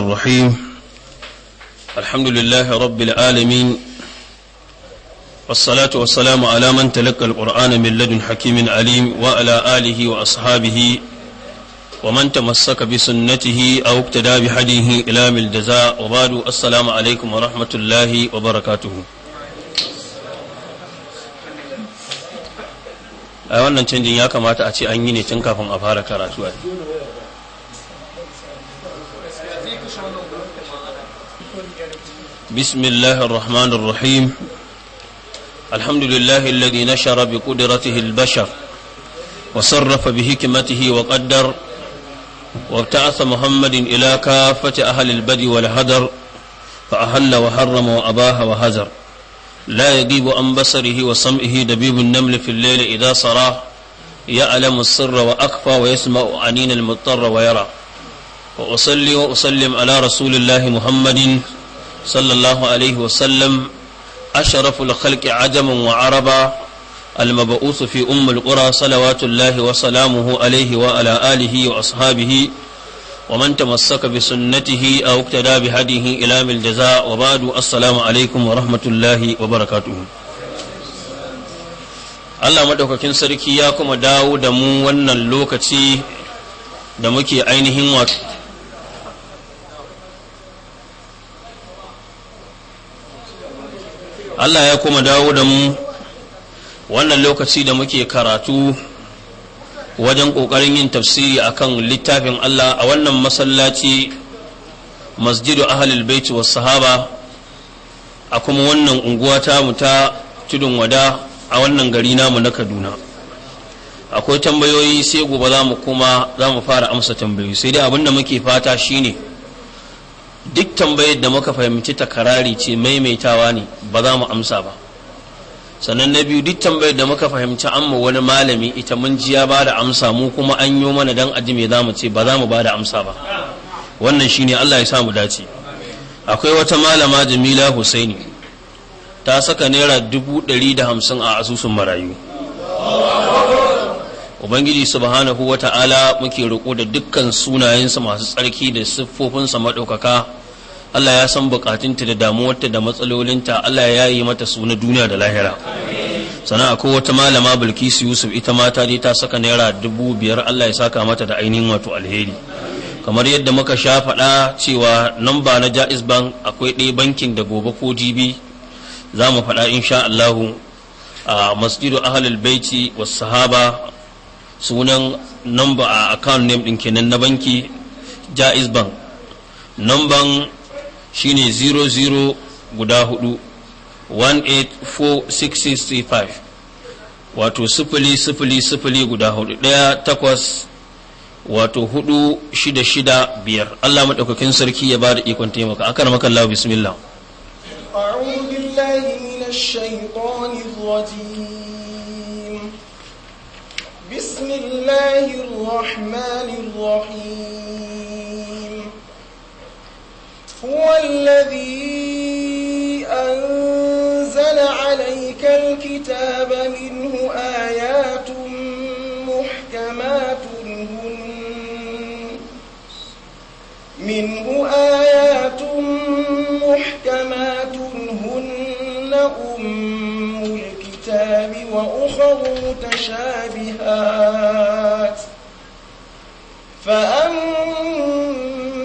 الرحيم الحمد لله رب العالمين والصلاة والسلام على من تلقى القرآن من لدن حكيم عليم وعلى آله وأصحابه ومن تمسك بسنته أو اقتدى بحديه إلى ملجزاء وبعد السلام عليكم ورحمة الله وبركاته a wannan canjin ya kamata a ce an yi ne tun kafin a fara karatu بسم الله الرحمن الرحيم الحمد لله الذي نشر بقدرته البشر وصرف بحكمته وقدر وابتعث محمد إلى كافة أهل البدء والهدر فأهل وحرم وأباه وهزر لا يجيب عن بصره وسمعه دبيب النمل في الليل إذا صراه يعلم السر وأخفى ويسمع عنين المضطر ويرى وأصلي وأسلم على رسول الله محمد صلى الله عليه وسلم أشرف الخلق عجما وعربا المبعوث في أم القرى صلوات الله وسلامه عليه وعلى آله وأصحابه ومن تمسك بسنته أو اقتدى بهديه إلى الجزاء وبعد السلام عليكم ورحمة الله وبركاته Allah madaukakin sarki ya kuma dawo da mu wannan lokaci da muke ainihin wato Allah ya kuma dawo da mu wannan lokaci da muke karatu wajen ƙoƙarin yin tafsiri akan littafin Allah a wannan masallaci masjidu ahalul baiti was sahaba a kuma wannan unguwa ta mu ta tudun wada a wannan gari namu na Kaduna akwai tambayoyi sai gobe za mu kuma za mu fara amsa tambayoyi sai dai abin muke fata shine duk tambayar da muka fahimci takarari ce maimaitawa ne ba za mu amsa ba sannan na biyu duk tambayar da muka fahimci an mu wani malami ita mun ji ya bada amsa mu kuma an yi mana dan aji me zamu mu ce ba za mu bada amsa ba wannan shine Allah ya sa mu dace akwai wata malama Jamila Husaini ta saka naira dubu ɗari da hamsin a asusun marayu ubangiji subhanahu wa ta'ala muke roƙo da dukkan sunayensa masu tsarki da siffofinsa maɗaukaka Allah ya san bukatunta da damuwarta da matsalolinta Allah ya yi mata suna duniya da lahira sana akwai wata malama bilkisu yusuf ita mata dai ta saka naira dubu biyar Allah ya saka mata da ainihin wato alheri kamar yadda muka sha faɗa cewa nan ba na jaiz bank akwai ɗaya bankin da gobe ko jibi za mu faɗa insha Allahu a masjidu ahlul baiti was sahaba sunan number a account name ɗin kenan na banki jaiz bank namban shine 00 guda 4 184665 wato sifili sifili sifili guda 4 daya takwas wato 4665 Allah maɗaukakin sarki ya bada ikon taimaka akan makalla bismillah بسم الله الرحمن الرحيم هو الذي أنزل عليك الكتاب منه آيات محكمات هن منه آيات محكمات هن أم الكتاب وأخر متشابهات فأما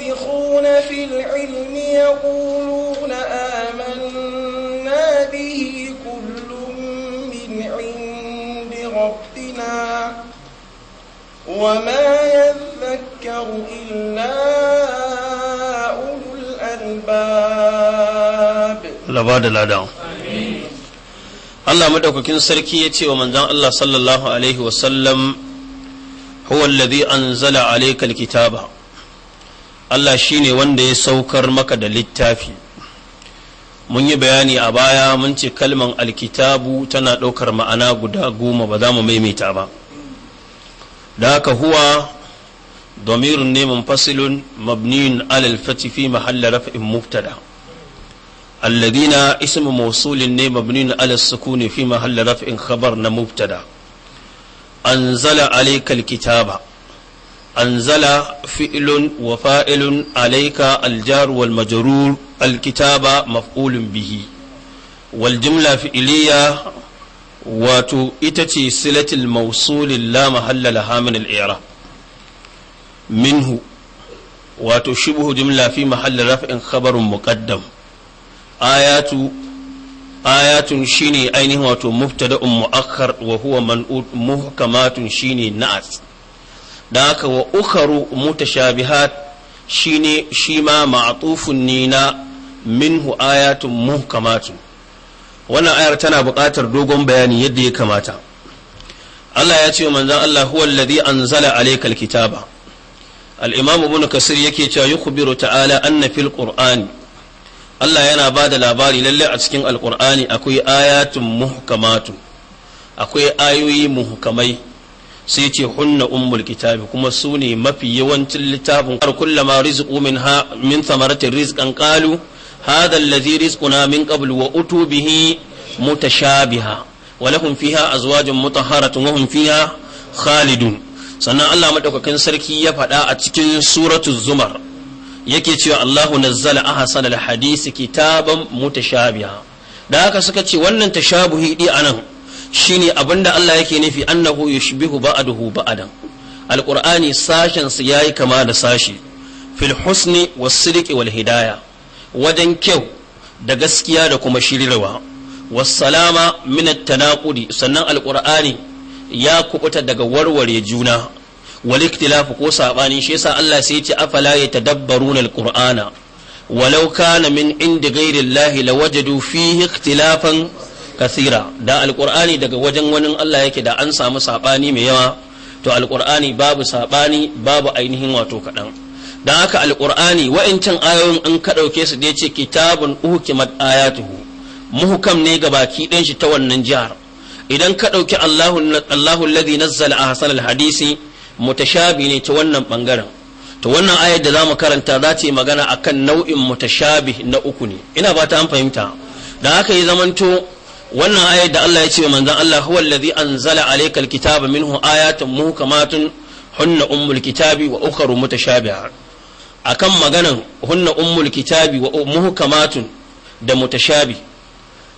الراسخون في العلم يقولون آمنا به كل من عند ربنا وما يذكر إلا أولو الألباب لباد الأدام Allah madaukakin sarki ya ce wa manzon Allah sallallahu alaihi wasallam huwa alladhi anzala alayka kitaba. Allah shi ne wanda ya saukar maka da littafi mun yi bayani a baya mun ce kalman alkitabu tana ɗaukar ma'ana guda goma ba za mu maimaita ba da haka huwa domirin neman fasilun mabniyun alal fatifi mahalla raf'in muftada alladina ismu mausulin ne mabniyun alal sukuni fi mahalla raf'in khabar na An anzala alaikal kitaba anzala fi'lun wa fa'ilun alayka aljar wal majrur alkitaba maf'ulun bihi wal jumla fi'liya wato ita ce silatul mawsulin la mahalla laha min al minhu wato shibhu jumla fi mahalli raf'in khabarun muqaddam ayatu ayatun shine ainihin wato mubtada'un mu'akhkhar wa huwa man'ut muhkamatun shine na'at da haka wa ukaru mutashabihat shine shi ma ma'tufun ne na minhu ayatun muhkamatu wannan ayar tana buƙatar dogon bayani yadda ya kamata Allah ya ce wa manzon Allah huwa alladhi anzala alayka kitaba. al-imam ibn kasir yake cewa yukhbiru ta'ala anna fil Allah yana ba da labari lalle a cikin alqur'ani akwai ayatun muhkamatu akwai ayoyi muhkamai sai ce hunna ummul kitabi kuma su ne mafi yawancin littafin har kullama rizqu min ha min thamaratin rizqan qalu hadha alladhi rizquna min qabl wa utu bihi mutashabiha wa lahum fiha azwajun mutahharatun wa hum fiha khalidun sannan Allah madaukakin sarki ya faɗa a cikin suratu zumar yake cewa Allahu nazzala ahsana alhadisi kitaban mutashabiha da haka suka ce wannan tashabuhi di anan shine abinda Allah yake nufi annahu yushbihu ba'dahu ba'dan alqur'ani sashen su yayi kama da sashi fil husni was sidqi wal hidaya wajen kyau da gaskiya da kuma shirirwa was salama min at tanaqudi sannan alqur'ani ya kubuta daga warware juna wal ikhtilafu ko sabani shi yasa Allah sai ya ce afala yatadabbaruna alqur'ana ولو كان من عند غير الله لوجدوا فيه اختلافا kasira da alkur'ani daga wajen wani Allah yake da an samu saɓani mai yawa to alkur'ani babu saɓani babu ainihin wato kaɗan don haka alkur'ani wa'incin ayoyin in ka ɗauke su da ce kitabun uhukimat ayatuhu muhukam ne ga baki ɗin shi ta wannan jihar idan ka ɗauki Allahu alladhi nazzala ahsan alhadisi mutashabi ne ta wannan bangaren to wannan ayar da zamu karanta za ta yi magana akan nau'in mutashabi na uku ne ina ba ta an fahimta da haka ya zamanto wannan ayat da Allah ya ce wa manzon Allah huwa allazi anzala alayka alkitaba minhu ayatun muhkamatun hunna ummul kitabi wa ukharu mutashabiha akan maganan hunna ummul kitabi wa muhkamatun da mutashabi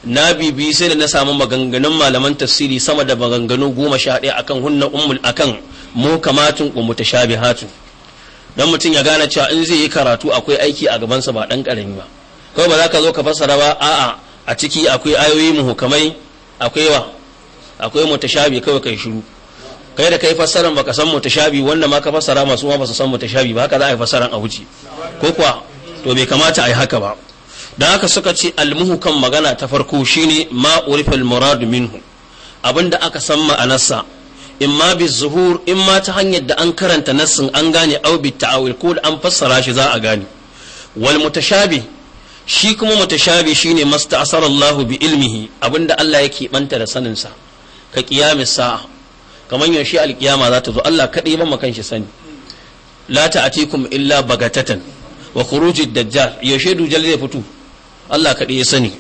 na bibi sai da na samu maganganun malaman tafsiri sama da maganganu goma sha ɗaya akan hunna ummul akan muhkamatun wa mutashabihatun dan mutum ya gane cewa in zai yi karatu akwai aiki a gabansa ba dan karami ba kawai ba za ka zo ka fassara ba a'a a ciki akwai ayoyi muhukamai akwai wa akwai mutashabi kawai kai shiru kai da kai fassaran baka san mutashabi wanda ma ka fassara masu ma ba su san mutashabi ba haka za a yi fassaran a wuce ko kuwa to bai kamata a yi haka ba dan haka suka ce kan magana ta farko shine ma urifal murad minhu abinda aka san ma'anarsa in ma bi zuhur in ma ta hanyar da an karanta nasin an gane au bi ta'awil ko da an fassara shi za a gane wal mutashabi shi kuma mutashabi shine masta bi ilmihi abinda Allah yake banta da saninsa ka qiyamis sa'a kamar yaushe alkiyama za ta zo Allah kadai ba makan shi sani la ta'atikum illa bagatatan wa khurujid dajjal yaushe dujal zai fito Allah kadai ya sani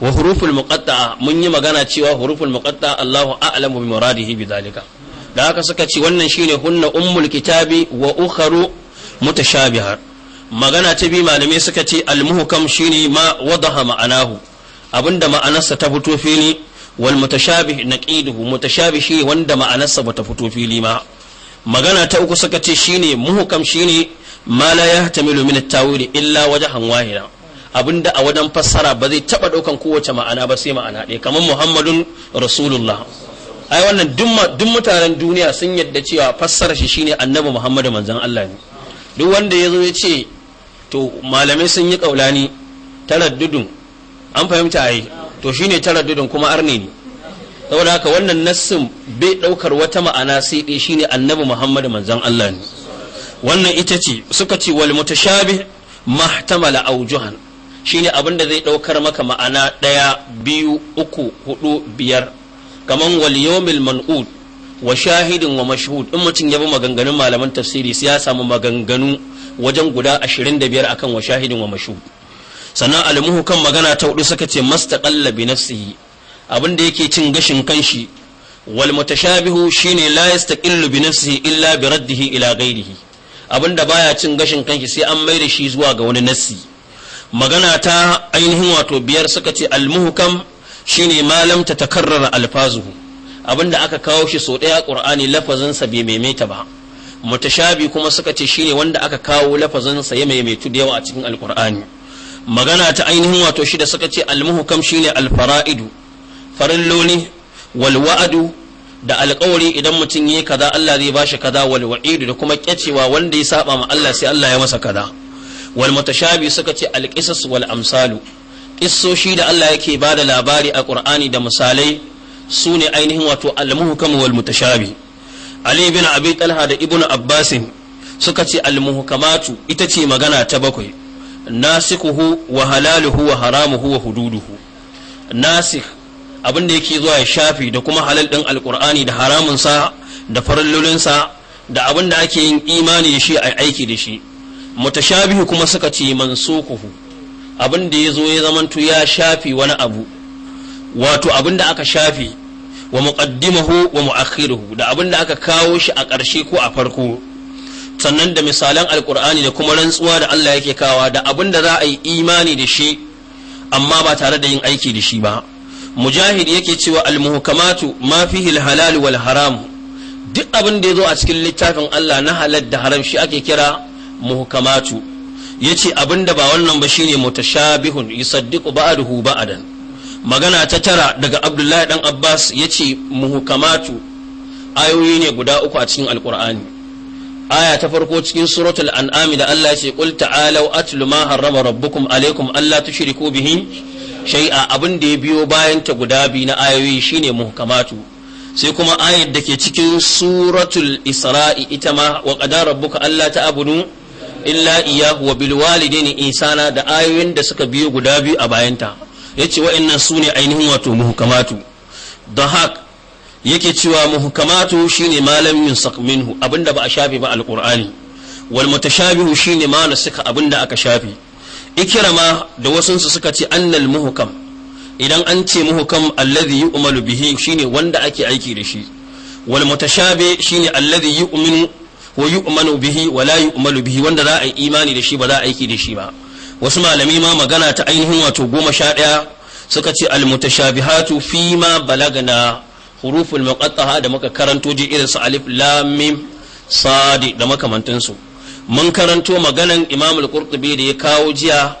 wa huruful muqatta'a mun yi magana cewa huruful muqatta'a Allahu a'lamu bi muradihi bi dalika da haka suka ce wannan shine hunna ummul kitabi wa ukharu mutashabihat magana ta bi malamai suka ce shi shine ma wadaha ma'anahu abinda ma'anarsa ta fito fili wal mutashabih naqiduhu mutashabih shi wanda ma'anarsa bata fito fili ma magana ta uku suka ce shine muhkam shine ma la yahtamilu min at-tawil illa wajhan wahida abinda a wajen fassara ba zai taɓa ɗaukan kowace ma'ana ba sai ma'ana ɗaya kamar muhammadun rasulullah ai wannan duk mutanen duniya sun yadda cewa fassara shi shine annabi muhammadu manzon Allah ne duk wanda ya zo ya ce to malamai sun yi kaulani taraddudun an fahimta ai to shine taraddudun kuma arne ne saboda haka wannan nassin bai daukar wata ma'ana sai dai shine annabi Muhammad manzon Allah ne wannan ita ce suka ce wal mutashabih mahtamala aujuhan shine abin da zai daukar maka ma'ana daya biyu uku hudu biyar kaman wal yawmil man'ud wa shahidin wa mashhud in mutum ya bi maganganun malaman tafsiri sai ya samu maganganu wajen guda 25 akan wa shahidin wa mashhud sannan almuhu kan magana ta hudu suka ce mastaqalla bi nafsihi abin da yake cin gashin kanshi wal mutashabihu shine la yastaqillu bi nafsihi illa bi raddihi ila ghairihi abin da baya cin gashin kanshi sai an mai da shi zuwa ga wani nassi magana ta ainihin wato biyar suka ce almuhkam shine malam ta takarrara alfazuhu abin da aka kawo shi sau ɗaya ƙur'ani lafazinsa bai maimaita ba mutashabi kuma suka ce shine wanda aka kawo lafazin sa ya mai da yawa a cikin alqur'ani magana ta ainihin wato shida suka ce almuhkam shine alfara'idu farilloli wal wa'adu da alƙawari idan mutum yi kaza Allah zai bashi kaza wal wa'idu da kuma kyacewa wanda ya saba ma Allah sai Allah ya masa kaza wal mutashabi suka ce alqisas wal amsalu kissoshi da Allah yake bada labari a Qur'ani da misalai su ne ainihin wato almuhkam wal mutashabi ali bin abi talha da ibn abbasin suka ce al-muhkamatu ita ce magana ta bakwai nasikuhu wa halaluhu wa haramuhu wa hududuhu nasik abin da yake zuwa ya shafi da kuma halal din alkur'ani da haramun sa da sa da abin da ake yin imani da shi a aiki da shi mutashabihu kuma suka ce mansukuhu abin da ya zo ya zamanto ya shafi wani abu wato abin da aka shafi wa muqaddimahu wa mu'akhiruhu da abin da aka kawo shi a ƙarshe ko a farko sannan da misalan alkur'ani da kuma rantsuwa da Allah yake kawa da abin da za a yi imani da shi amma ba tare da yin aiki da shi ba mujahid yake cewa almuhkamatu ma fihi alhalal wal haram duk abin da yazo a cikin littafin Allah na halal da haram shi ake kira muhkamatu yace abin da ba wannan ba shine mutashabihun yusaddiqu ba'dahu ba'dan magana ta tara daga abdullahi dan abbas ya ce muhukamatu ayoyi ne guda uku a cikin alkur'ani aya ta farko cikin suratul an'ami da Allah ya ce qul ta'alau atlu ma harrama rabbukum alaikum alla tushriku bihi shay'a abin da ya biyo bayan ta guda biyu na ayoyi shine muhkamatu sai kuma ayar da ke cikin suratul isra'i ita ma wa qadara rabbuka alla ta'budu illa iyyahu wa bil walidaini ihsana da ayoyin da suka biyo guda biyu a bayanta yace wa'annan sune ainihin wato muhkamatu hak yake cewa muhkamatu shine malam yunsaq minhu abinda ba a shafe ba alqur'ani wal mutashabihu shine ma nasika abinda aka shafe ikirama da su suka ce annal muhkam idan an ce muhkam alladhi yu'malu bihi shine wanda ake aiki da shi wal mutashabi shine alladhi yu'minu wa yu'manu bihi wa la yu'malu bihi wanda za a yi imani da shi ba za a aiki da shi ba wasu malami ma magana ta ainihin wato goma sha ɗaya suka ce almutashabihatu fi ma balagana huruful muqattaha da muka karanto je irin su alif lam mim sadi da makamantansu mun karanto maganan imam al-qurtubi da ya kawo jiya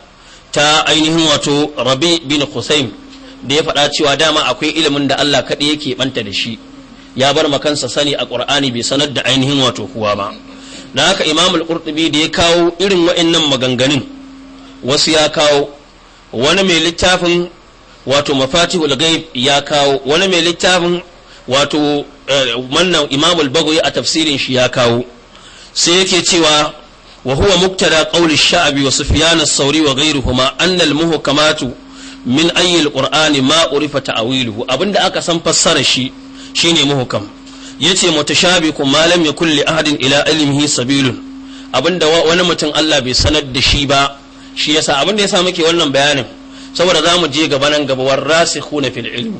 ta ainihin wato rabi bin husayn da ya faɗa cewa dama akwai ilimin da Allah kaɗai yake banta da shi ya bar makansa sani a qur'ani bai sanar da ainihin wato kuwa ba na haka imamul al-qurtubi da ya kawo irin waɗannan maganganun wasu ya kawo wani mai littafin wato mafatihul ghaib ya kawo wani mai littafin wato eh, wannan imamul bagawi a tafsirin shi ya kawo sai yake cewa wa huwa muktara qawli sha'abi wa sufyan as-sawri wa ghayruhuma anna al-muhkamatu min ayyi al-qur'ani ma urifa ta'wiluhu abinda aka san fassara shi shine muhkam yace mutashabi kun malam yakul li ahadin ila ilmihi sabilun abinda wani mutum Allah bai sanar da shi ba shi yasa abin da yasa muke wannan bayanin saboda za mu je gaba nan gaba war na fil ilmi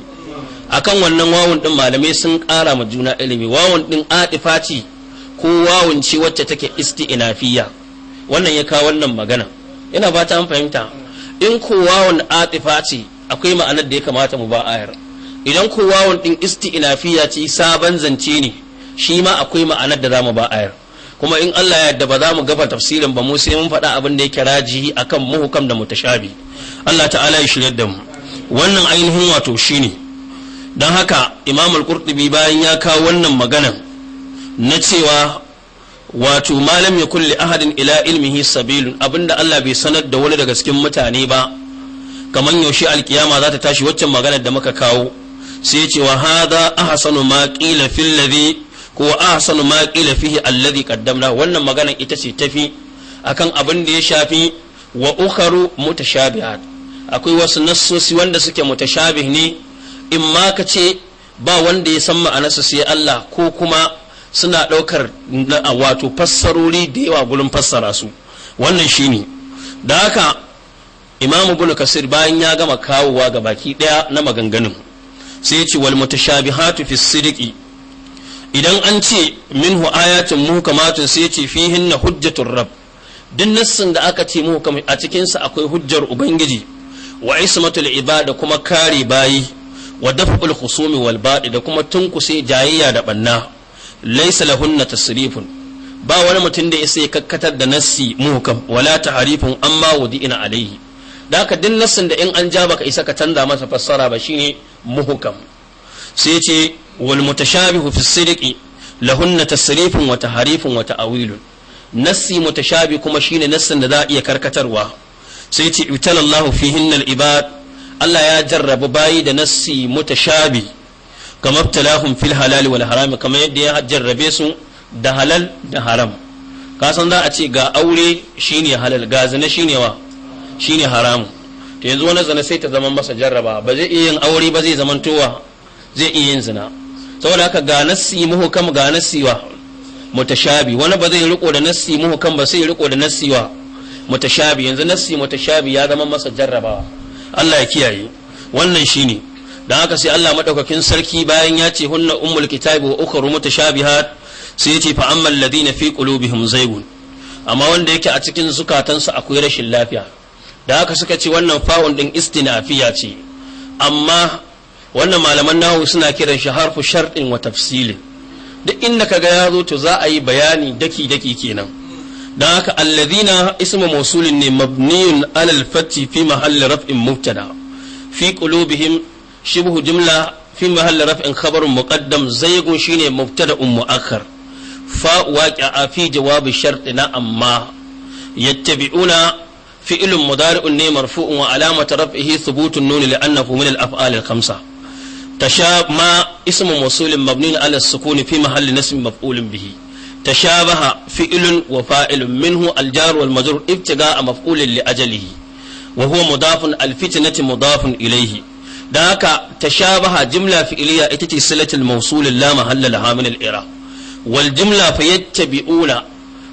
akan wannan wawun din malamai sun kara ma juna ilimi wawun din atifati ce ko wawun ce wacce take isti'nafiya wannan ya kawo wannan magana ina ba ta an fahimta in ko wawun atifati akwai ma'anar da ya kamata mu ba ayar idan ko wawun din isti'nafiya ce sabon zance ne shi ma akwai ma'anar da za mu ba ayar kuma in Allah ya yarda ba za mu gaba tafsirin ba mu sai mun faɗa abin da yake raji akan muhukam da mutashabi Allah ta'ala ya shirya da mu wannan ainihin wato shine don haka Imam al-Qurtubi bayan ya kawo wannan magana na cewa wato malam ya kulli ahadin ila ilmihi sabilun abinda Allah bai sanar da wani daga cikin mutane ba kamar yaushe alkiyama za ta tashi waccan maganar da muka kawo sai ce wa hadha ahsanu ma qila fil ladhi ko ahsanu ma qila fihi alladhi qaddamna wannan magana ita ce tafi akan abin da ya shafi wa ukharu mutashabihat akwai wasu nassosi wanda suke mutashabih ne in ma ka ce ba wanda ya san ma'anar su sai Allah ko kuma suna ɗaukar wato fassarori da yawa gurin fassara su wannan shine da haka imamu bin kasir bayan ya gama kawowa ga baki ɗaya na maganganun sai ya ce wal mutashabihatu fi sidqi idan an ce minhu ayatin muhkamatun sai ce fihin na hujjatun rab duk nassin da aka ce muhkam a cikinsa akwai hujjar ubangiji wa ismatul ibada kuma kare bayi wa daf'ul khusumi wal baɗi da kuma tunkuse jayayya da banna laysa lahunna tasrifun ba wani mutum da ya kakkatar da nassi muhkam wala taharifun amma ina alaihi da haka duk nassin da in an ja baka isa ka canza masa fassara ba shine muhkam sai ce wal mutashabihu fi sidqi lahunna tasrifun wa taharifun wa ta'awilun nassi mutashabi kuma shine nassin da za a iya karkatarwa sai ce itallahu fihinna al ibad Allah ya jarrabu bayi da nassi mutashabi kama ibtalahum fil halal wal haram kamar yadda ya jarrabe su da halal da haram ka san za a ce ga aure shine halal ga zina shine wa shine haramu to yanzu wani zana sai ta zama masa jarraba ba zai iya yin aure ba zai zamantowa zai iya yin zina saboda haka ga nassi muhukam ga nassi wa mutashabi wani ba zai riko da nassi muhukam ba sai riko da nassi wa mutashabi yanzu nassi mutashabi ya zama masa jarrabawa Allah ya kiyaye wannan shine dan haka sai Allah madaukakin sarki bayan ya ce hunna ummul kitabi wa ukhra mutashabihat sai ya ce fa amma alladhina fi qulubihim zaygun amma wanda yake a cikin zukatansa akwai rashin lafiya da haka suka ce wannan fa'un din istinafiya ce amma wannan malaman nahu suna kiran shi harfu sharɗin wa tafsilin duk inda ka ya zo to za a yi bayani daki daki kenan don haka alladhina ismu mausulin ne mabniyun alal fatti fi mahalli raf'in mubtada fi qulubihim shibhu jumla fi mahalli raf'in khabarun muqaddam zaygun shine mubtada'un mu'akhkhar fa waqi'a fi jawabi shartina amma yattabi'una fi'lun mudari'un ne marfu'un wa alamata raf'ihi thubutun nun li'annahu min al-af'al al-khamsah تشابه اسم موصول مبني على السكون في محل نصب مفعول به تشابه فعل وفاعل منه الجار والمجرور ابتغاء مفعول لأجله وهو مضاف الفتنة مضاف إليه ذاك تشابه جملة فعلية اتتي صلة الموصول لا محل لها من الإرا والجملة فيتبعون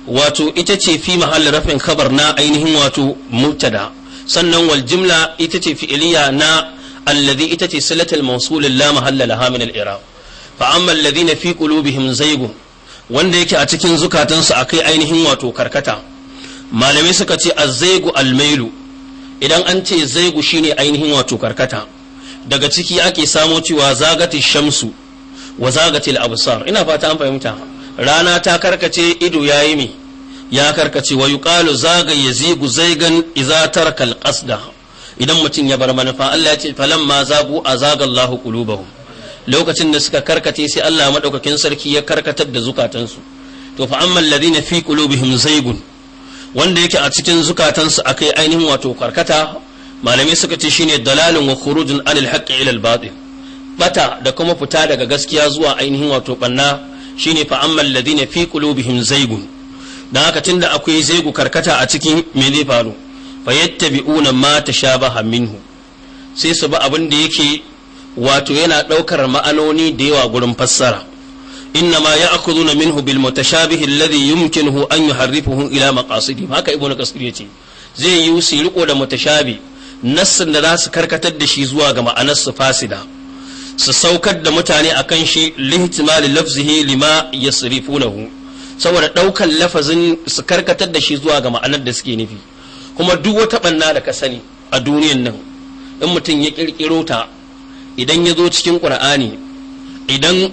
واتو اتتي في محل رفع خبر نا أينهم واتو مبتدا سنن والجملة اتتي فعلية نا allazi ita ce silatul mawsulil la mahalla laha min al-i'rab fa amma alladhina wanda yake a cikin zukatansu kai ainihin wato karkata malamai suka ce az almailu al idan an ce zaygu shine ainihin wato karkata daga ciki ake samo cewa zagati shamsu wa zagati al-absar ina fata an fahimta rana ta karkace ido yayi mi ya karkace wa yuqalu zaga yazigu zaigan idza taraka al-qasda idan mutum ya bar manufa Allah ya ce falan falamma zagu azagallahu kulubahu lokacin da suka karkace sai Allah madaukakin sarki ya karkatar da zukatansu to fa ammal ladina fi qulubihim zaygun wanda yake a cikin zukatansu akai ainihin wato karkata malamai suka ce shine dalalun wa khurujun anil haqqi ila al batil bata da kuma fita daga gaskiya zuwa ainihin wato banna shine fa ammal ladina fi qulubihim zaygun dan haka tunda akwai zaigu karkata a cikin me zai faru fayyattabi'una ma ta sha baha minhu sai su ba abin da yake wato yana ɗaukar ma'anoni da yawa gurin fassara inna ma ya akuzuna minhu bil mutashabihi alladhi yumkinuhu an yuharrifuhu ila maqasidi haka ibnu kasir yace zai yi su riko da mutashabi nassin da za su karkatar da shi zuwa ga ma'anar su fasida su saukar da mutane akan shi lihtimali lafzihi lima yasrifunahu saboda ɗaukar lafazin su karkatar da shi zuwa ga ma'anar da suke nufi kuma duk wata banna da ka sani a duniyan nan in mutum ya kirkiro ta idan ya zo cikin qur'ani idan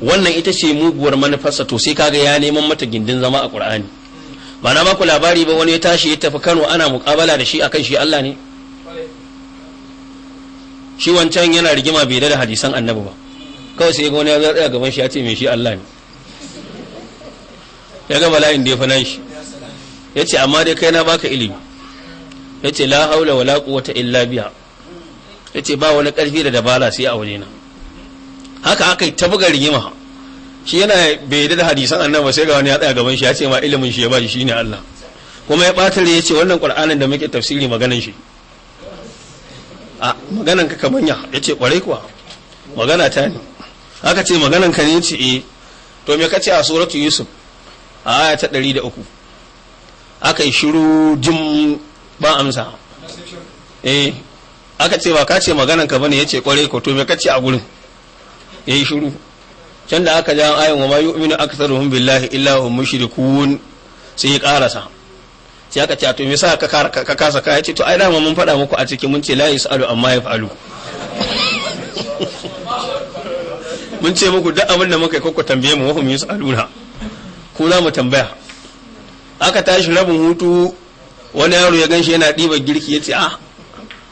wannan ita ce muguwar manufarsa to sai kaga ya neman mata gindin zama a qur'ani ba na ku labari ba wani ya tashi ya tafi Kano ana muƙabala da shi akan shi Allah ne shi wancan yana rigima bai da hadisan annabi ba kawai sai ga wani ya tsaya gaban shi ya ce mai shi Allah ne ya ga bala'in da ya fana shi ya ce amma dai kai na baka ilimi yace la haula wala quwwata illa biha yace ba wani karfi da dabara sai a waje haka aka yi ta buga rigima shi yana bai da hadisan annabi sai ga wani ya tsaya gaban shi ya ce ma ilimin shi ya ba shi shine Allah kuma ya batare ya ce wannan qur'anin da muke tafsiri maganan shi a maganan ka kamanya ya ce kwarai kuwa magana ta ne aka ce maganan ka ne ce eh to me kace a suratu yusuf a aya ta 103 aka yi shiru jin ba amsa eh aka ce ba ka ce maganan ka bane yace kware ko to me kace a gurin yayi shiru can da aka ja ayin wa ma yu'minu aktharuhum billahi illa hum mushrikun sai ya karasa sai aka ce to me sa ka ka kasa ka yace to ai da mun faɗa muku a cikin mun ce la yasalu amma yafalu mun ce muku duk abin da muka yi ku tambaye mu hum yasaluna ko za mu tambaya aka tashi rabin hutu wani yaro ya ganshi yana ɗiba girki ya ce a, ah,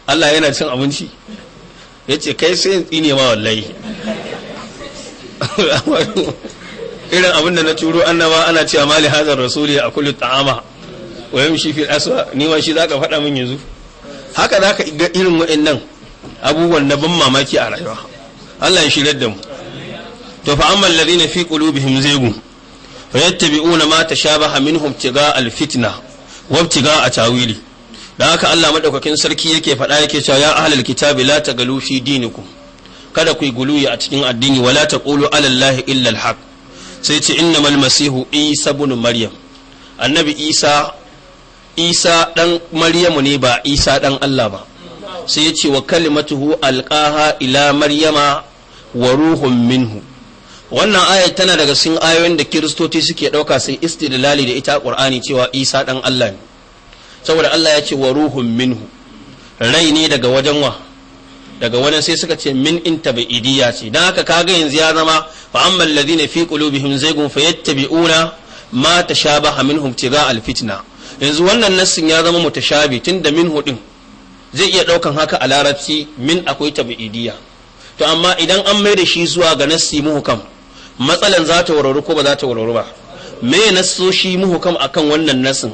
Allah yana cin abinci ya ce kai sai in tsine ma wallahi irin abin da na turo annaba ana cewa mali hazar rasuli a kullu ta'ama wa yamshi fil aswa ni ma shi zaka faɗa min yanzu haka zaka ga irin waɗannan abubuwan na ban mamaki a rayuwa Allah ya shirar da mu to fa amma alladhina fi qulubihim zaygun fayattabi'una ma tashabaha minhum tiga al fitna wabtiga a tawili da haka Allah madaukakin sarki yake faɗa yake cewa ya ahlul kitabi la tagalu fi dinikum kada ku yi guluyi a cikin addini wala taqulu ala allahi illa alhaq sai ce innamal masihu isa ibn maryam annabi isa isa dan maryamu ne ba isa dan Allah ba sai ya ce wa kalimatuhu alqaha ila maryama wa ruhun minhu wannan ayat tana daga cikin ayoyin da kiristoci suke ɗauka sai istidlali da ita qur'ani cewa isa dan allah ne saboda allah ya ce wa ruhun minhu rai ne daga wajen wa daga wani sai suka ce min in tabi'idiyya ce dan haka kaga yanzu ya zama fa ammal ladina fi qulubihim zaygun yattabi'una ma tashabaha minhum tiga alfitna yanzu wannan nassin ya zama mutashabi tunda minhu din zai iya daukan haka a larabci min akwai tabi'idiyya to amma idan an mai da shi zuwa ga nassi muhukam matsalan za ta ko ba za ta warwaru ba me nasoshi muhukam akan wannan nasin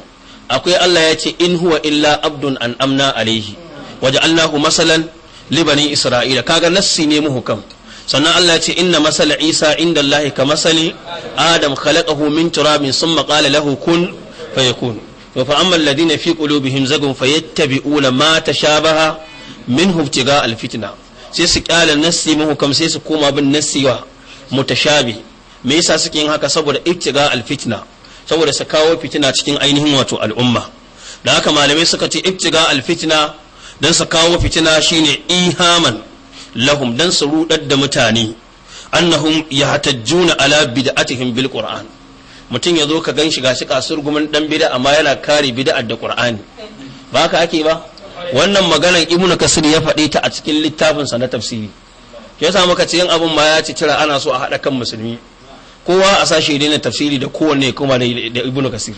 akwai Allah ya ce in huwa illa abdun an amna alaihi waja'alnahu masalan li libanin isra'ila kaga nassi ne muhukam sannan Allah ya ce inna masala isa inda Allah ka masali adam khalaqahu min turabin summa qala lahu kun fayakun wa fa amma alladhina fi qulubihim zagun fayattabi'una ma tashabaha minhu ibtiga alfitna sai su kyala nassi muhukam sai su koma bin nassi wa mutashabi me yasa suke yin haka saboda ibtiga alfitna saboda su kawo fitina cikin ainihin wato al'umma da haka malamai suka ce ittiga alfitna dan su kawo fitina shine ihaman lahum dan su rudar da mutane annahum yahtajjuna ala bid'atihim bil qur'an mutum ya zo ka gan shi gashi kasur gumin dan bid'a amma yana kare bid'ar da qur'ani ba haka ake ba wannan maganar ibnu kasir ya faɗe ta a cikin littafinsa na tafsiri shi yasa muka ce yin abun ma ya ci tira ana so a haɗa kan musulmi kowa a sashe daina tafsiri da kowanne kuma da ibnu kasir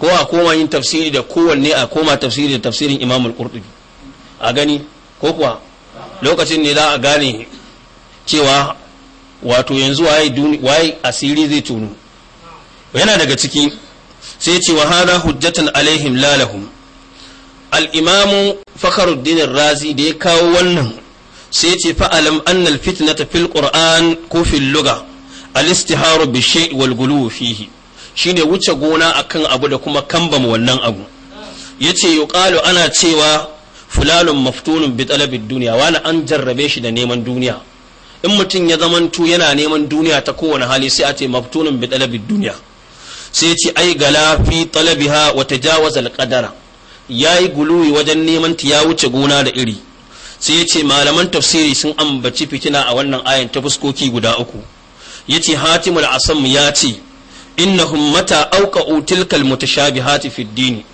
kowa a koma yin tafsiri da kowanne a koma tafsiri da tafsirin imamul qurtubi a gani ko kuwa lokacin ne za a gane cewa wato yanzu waye asiri zai tunu yana daga ciki sai ce wa hada hujjatan alaihim lalahum al-imamu fakhruddin razi da ya kawo wannan sai ya ce fa'alam annal ta fil qur'an ko fil luga al istiharu bi shay shine wuce gona akan abu da kuma kambam wannan abu yace yuqalu ana cewa fulalun maftunun bi talabid duniya wani an jarrabe shi da neman duniya in mutum ya zamantu yana neman duniya ta kowane hali sai a ce maftunun bi duniya sai ya ce ai gala fi talabiha wa tajawaza al qadara yayi guluwi wajen neman ta ya wuce gona da iri sai ya ce malaman tafsiri sun ambaci fitina a wannan ayan ta fuskoki guda uku ya yace hatimul asam ya ce innahum mata auqa'u tilkal mutashabihati hati fiddini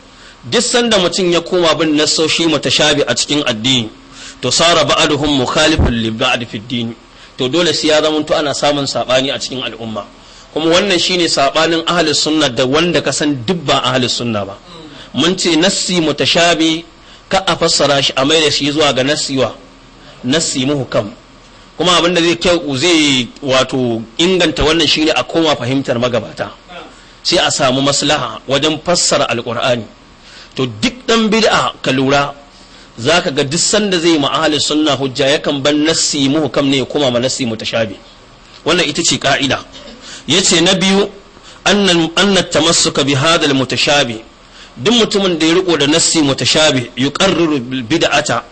duk sanda mutum ya koma bin nassoshi mutashabi a cikin addini to sara ba'aduhum mukhalifun li ba'd fid to dole sai ya zamanto ana samun saɓani a cikin al'umma kuma wannan shine sabanin ahli sunna da wanda ka san duk ba ahli sunna ba mun ce nassi mutashabi ka a fassara shi a maida shi zuwa ga nasiwa nasi kam kuma abin da zai kyau zai wato inganta wannan shi ne a koma fahimtar magabata sai a samu maslaha wajen fassara alkur'ani to duk dan bid'a ka lura zaka ga duk sanda zai ma'ahali sunna hujja yakan ban nassi kam ne kuma ma nassi mutashabi wannan ita ce ka'ida yace na biyu annan anna tamassuka bi hadal mutashabi duk mutumin da ya riko da nassi mutashabih yuqarriru bil bid'ata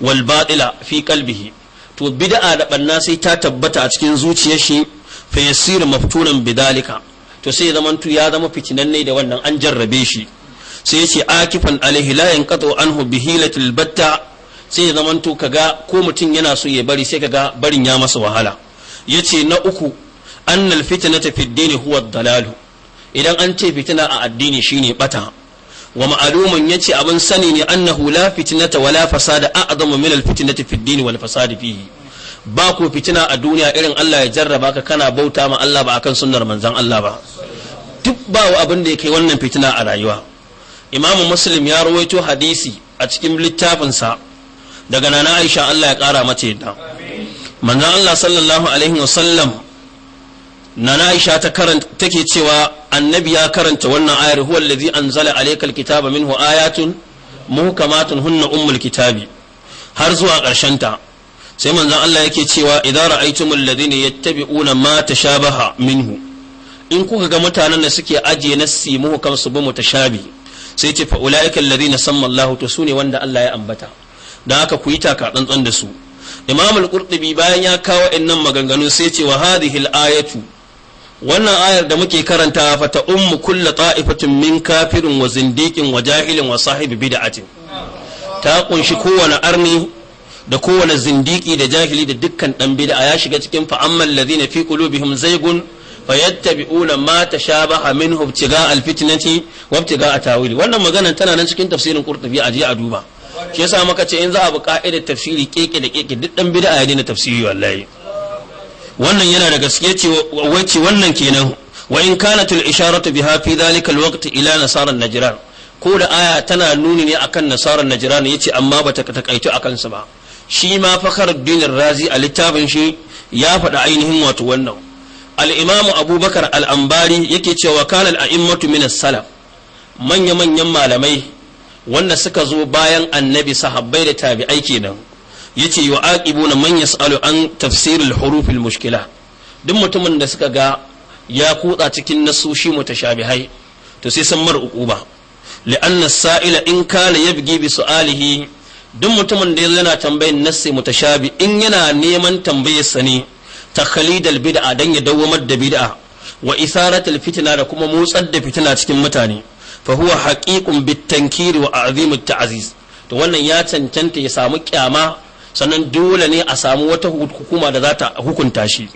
wal batila fi qalbihi to bid'a da banna sai ta tabbata a cikin zuciyar shi fa yasiru maftunan bidalika to sai zaman tu ya zama fitinanne da wannan an jarrabe shi sai yace akifan alaihi la yanqatu anhu al batta sai zaman tu kaga ko mutum yana so ya bari sai kaga barin ya masa wahala yace na uku annal fitnata fid dini huwa dalalu idan an ce fitina a addini shine bata wa ya ce abin sani ne annahu la fitinata wala fasada a'zamu min al fitnati fid wal fasadi fihi ba ku fitina a duniya irin Allah ya jarraba ka kana bauta ma Allah ba akan sunnar manzon Allah ba duk ba abin da yake wannan fitina a rayuwa imamu muslim ya rawaito hadisi a cikin littafinsa daga nana aisha Allah ya kara mata yadda manzon Allah sallallahu alaihi wasallam na Aisha ta karanta take cewa annabi ya karanta wannan ayar huwa allazi anzala alaykal kitaba minhu ayatun muhkamatun hunna ummul kitabi har zuwa ƙarshen ta sai manzon Allah yake cewa idza ra'aytumul ladina yattabi'una ma tashabaha minhu in kuka ga mutanen da suke ajiye nassi muhkam su bi mutashabi sai ce fa ulaika alladhina samma Allahu to sune wanda Allah ya ambata dan haka ku yi taka tsantsan da su imamul al-qurtubi bayan ya kawo innan maganganun sai ce wa hadhihi al-ayatu wannan ayar da muke karanta fa ta ummu kullu ta'ifatin min kafirin wa zindiqin wa jahilin wa sahibi bid'atin ta kunshi kowane arni da kowane zindiki da jahili da dukkan dan bid'a ya shiga cikin fa ammal ladina fi qulubihim zaygun yattabi'una ma tashabaha minhu ibtiga alfitnati wa ibtiga atawili wannan maganar tana nan cikin tafsirin qurtubi a je a duba shi yasa muka ce in za a bi ka'idar tafsiri keke da keke duk dan bid'a ya daina tafsiri wallahi wannan yana da gaske ce wace wannan kenan wa in kanat al isharatu biha fi dhalika al waqt ila nasara najran ko da aya tana nuni ne akan nasara najran yace amma bata takaitu akan su ba shi ma fakar dinin razi a littafin shi ya faɗa ainihin wato wannan al'imamu abubakar al'ambari yake cewa kanal a'immatu minas salaf manya-manyan malamai wanda suka zo bayan annabi sahabbai da tabi'ai kenan yace wa man yas'alu an tafsir al-huruf al-mushkila duk mutumin da suka ga ya kutsa cikin nasoshi mutashabihai to sai san mar uquba li'anna sa'ila in kana yabgi bi su'alihi duk mutumin da yazo yana tambayin nassi mutashabi in yana neman tambayar sa ne takhalidal bid'a dan ya dawwamar da bid'a wa isaratul fitna da kuma motsar da fitina cikin mutane fa huwa haqiqun bitankiri wa azimut ta'ziz to wannan ya cancanta ya samu kyama sannan dole ne a samu wata hukuma da za ta hukunta shi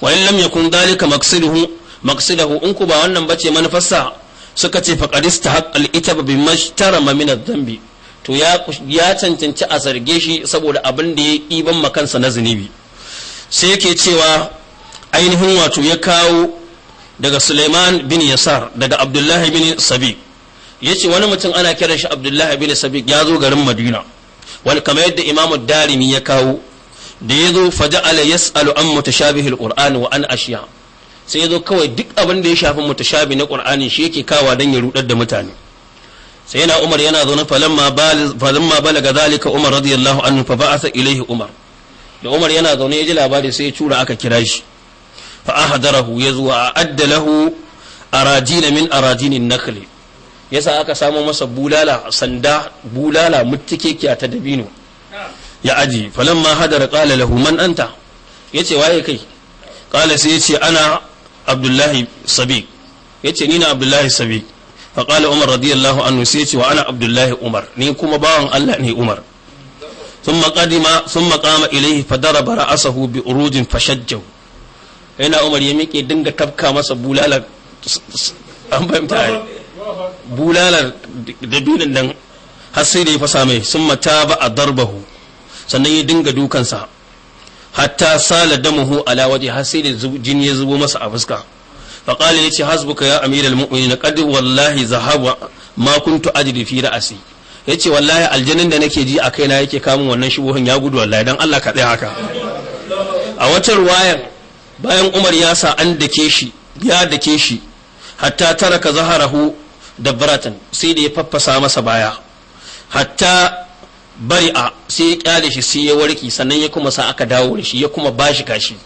wa in lam yakun dalika maqsiduhu maqsiduhu in ku ba wannan bace manufarsa suka ce fa istahaqqa al-itab bima ishtarama min adh-dhanbi to ya cancanci a zarge shi saboda abin da ya iban makansa na zunubi sai yake cewa ainihin wato ya kawo daga Suleiman bin Yasar daga Abdullahi bin Sabiq yace wani mutum ana kiran shi Abdullahi bin Sabiq ya zo garin Madina wani kamar yadda imamu darimi ya kawo da ya zo faja'ala yas'alu an mutashabihil qur'ani wa an ashiya sai ya zo kawai duk abin da ya shafi mutashabi na qur'ani shi yake kawa dan ya rudar da mutane sai yana umar yana zaune falamma falamma balaga zalika umar radiyallahu anhu fa ba'atha ilayhi umar da umar yana zaune ya ji labari sai ya tura aka kira shi fa ahadarahu ya zuwa a lahu arajina min arajinin nakhli yasa aka samo masa bulala sanda bulala muttukekiya ta dabino ya aji falamma hadara qala lahu man anta yace waye kai qala sai yace ana abdullahi sabiq yace ni na abdullahi sabiq fa qala umar radiyallahu anhu sai yace wa ana abdullahi umar ni kuma bawan Allah ne umar ثم قدم ثم قام إليه فضرب رأسه بأروج فشجه هنا عمر يميك دنگ تبكى masa بولالا an fahimta bulalar dabinin nan har sai da ya fasa mai sun mata ba a darbahu sannan ya dinga dukansa hatta sala damahu ala waje har sai da jini ya zubo masa a fuska ya ce فقال لي حسبك يا امير المؤمنين قد والله ذهب ما كنت اجري في ya yace wallahi aljanin da nake ji a na yake kamun wannan shubuhun ya gudu wallahi dan Allah ka tsaya haka a wata ruwayar bayan Umar ya sa an dake shi ya dake shi hatta taraka zaharahu da dabbaratan sai da ya faffasa masa baya hatta a sai ya kyale shi sai ya warki sannan ya kuma sa aka dawo da shi ya kuma shi kashi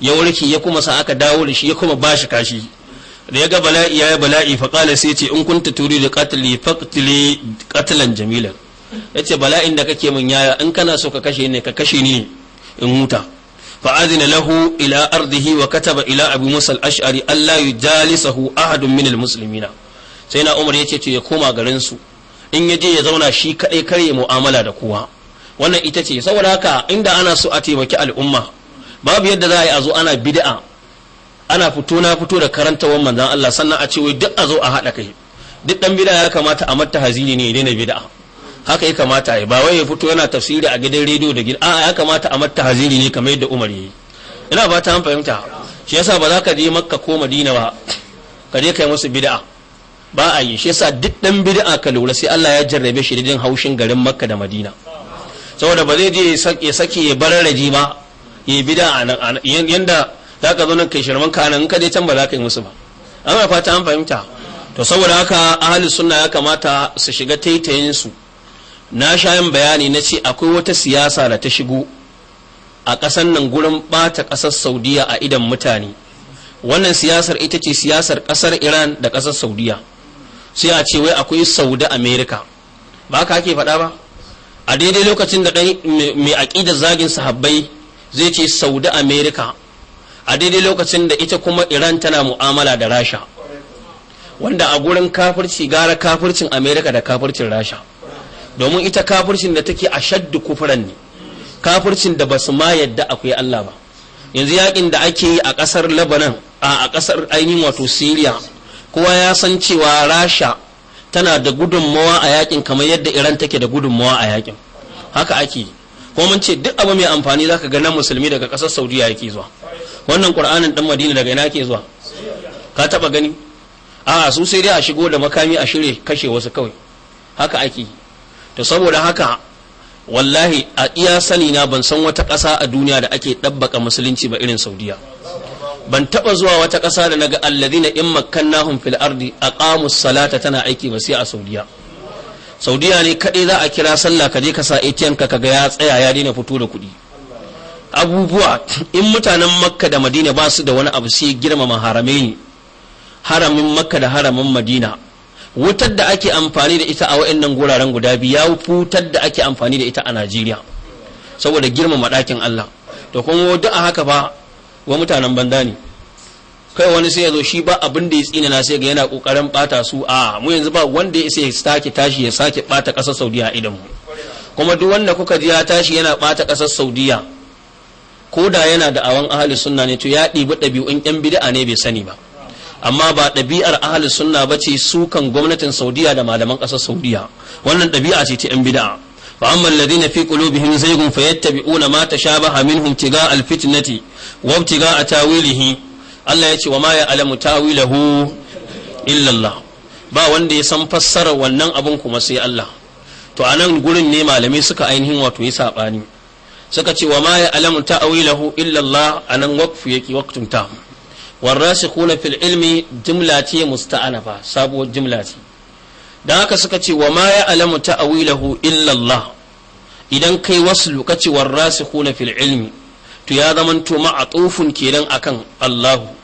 ya warki ya kuma sa aka dawo da shi ya kuma shi kashi da ya ga bala'i ya bala'i fa qala sai ce in kunta turidu qatli faqtili qatlan jamilan yace bala'in da kake min yaya in kana so ka kashe ne ka kashe ni in huta fa lahu ila ardihi wa kataba ila abu musa al-ash'ari alla yujalisahu ahadun min al-muslimina sai na umar ya ce ya koma garin su in ya je ya zauna shi kaɗai kar ya mu'amala da kowa wannan ita ce saboda haka inda ana so a taimaki al'umma babu yadda za a yi a zo ana bid'a ana fito na fito da karantawan manzan Allah sannan a ce wai duk a zo a haɗa kai duk dan bid'a ya kamata a matta hazini ne daina bid'a haka ya kamata ba wai ya fito yana tafsiri a gidan rediyo da gida a'a ya kamata a matta hazini ne kamar yadda Umar yi ina ba ta fahimta shi yasa ba za ka je Makka ko Madina ba ka je kai musu bida'a. ba a yi shi yasa duk dan bid'a ka lura sai Allah ya jarrabe shi da haushin garin Makka da Madina saboda ba zai je ya sake ya raji ba ya bid'a yanda zaka zo nan kai shirman ka nan ka je can ba za ka yi musu ba an fata an fahimta to saboda haka ahli sunna ya kamata su shiga taitayin su na sha yin bayani na ce akwai wata siyasa da ta shigo a ƙasar nan gurin bata ƙasar saudiya a idan mutane wannan siyasar ita ce siyasar ƙasar iran da ƙasar saudiya sai a ce wai akwai saudi amerika ba ka ake faɗa ba a daidai lokacin da ɗan mai aƙidar zagin sahabbai zai ce saudi amerika a daidai lokacin da ita kuma iran tana mu'amala da rasha wanda a gurin kafirci gara kafircin amerika da kafircin rasha domin ita kafircin da take a shaddu kufuran ne kafircin da ba su ma yadda akwai allah ba yanzu yakin da ake yi a ƙasar lebanon a ƙasar ainihin wato siriya. kowa ya san cewa rasha tana da gudunmawa a yakin kamar yadda iran take da gudunmawa a yakin haka ake kuma mun ce duk abu mai amfani zaka ga nan musulmi daga kasar saudiya yake zuwa wannan qur'anin dan madina daga ina yake zuwa ka taba gani a su sai dai a shigo da makami a shirye kashe wasu kawai haka ake to saboda haka wallahi a iya sani na ban san wata kasa a duniya da ake ɗabbaka musulunci ba irin saudiya ban taba zuwa wata ƙasa da naga alladhina in makkannahum fil ardi aqamus salata tana aiki ba sai a saudiya saudiya ne kaɗai za a kira sallah ka je ka sa ATM ka kaga ya tsaya ya daina fito da kuɗi abubuwa in mutanen makka da madina ba su da wani abu sai girmama harame ne haramin makka da haramin madina wutar da ake amfani da ita a wa'annan guraren guda biyu ya wutar da ake amfani da ita a najeriya saboda girmama ɗakin allah to kuma duk a haka ba wa mutanen banda ne kai wani sai ya zo shi ba abin da ya tsina na sai ga yana kokarin bata su a mu yanzu ba wanda ya sai ya sake tashi ya sake bata kasar Saudiya a idan mu kuma duk wanda kuka ji ya tashi yana bata kasar Saudiya ko da yana da awan ahli sunna ne to ya ɗibi ɗabi'un yan bid'a ne bai sani ba amma ba ɗabi'ar ahli sunna ba ce kan gwamnatin Saudiya da malaman ƙasar Saudiya wannan ɗabi'a ce ta yan bid'a فأما الذين في قلوبهم زيغ فيتبعون ما تشابه منه ابتغاء الفتنة وابتغاء تاويله الله يتي وما يعلم تاويله إلا الله با wanda ya san fassarar wannan abun kuma sai Allah to a nan gurin ne malamai suka ainihin wato yi sabani suka ce wa ma ya alamu ta'awilahu illa Allah anan waqfu yake waqtun ta fil ilmi jumla ce musta'anafa sabuwar jumla ce da haka suka ce wa ma ya alamu ta'awilahu illallah idan kai wasu lokaci rasikhuna fil ilmi to ya zaman to atufun kenan akan Allahu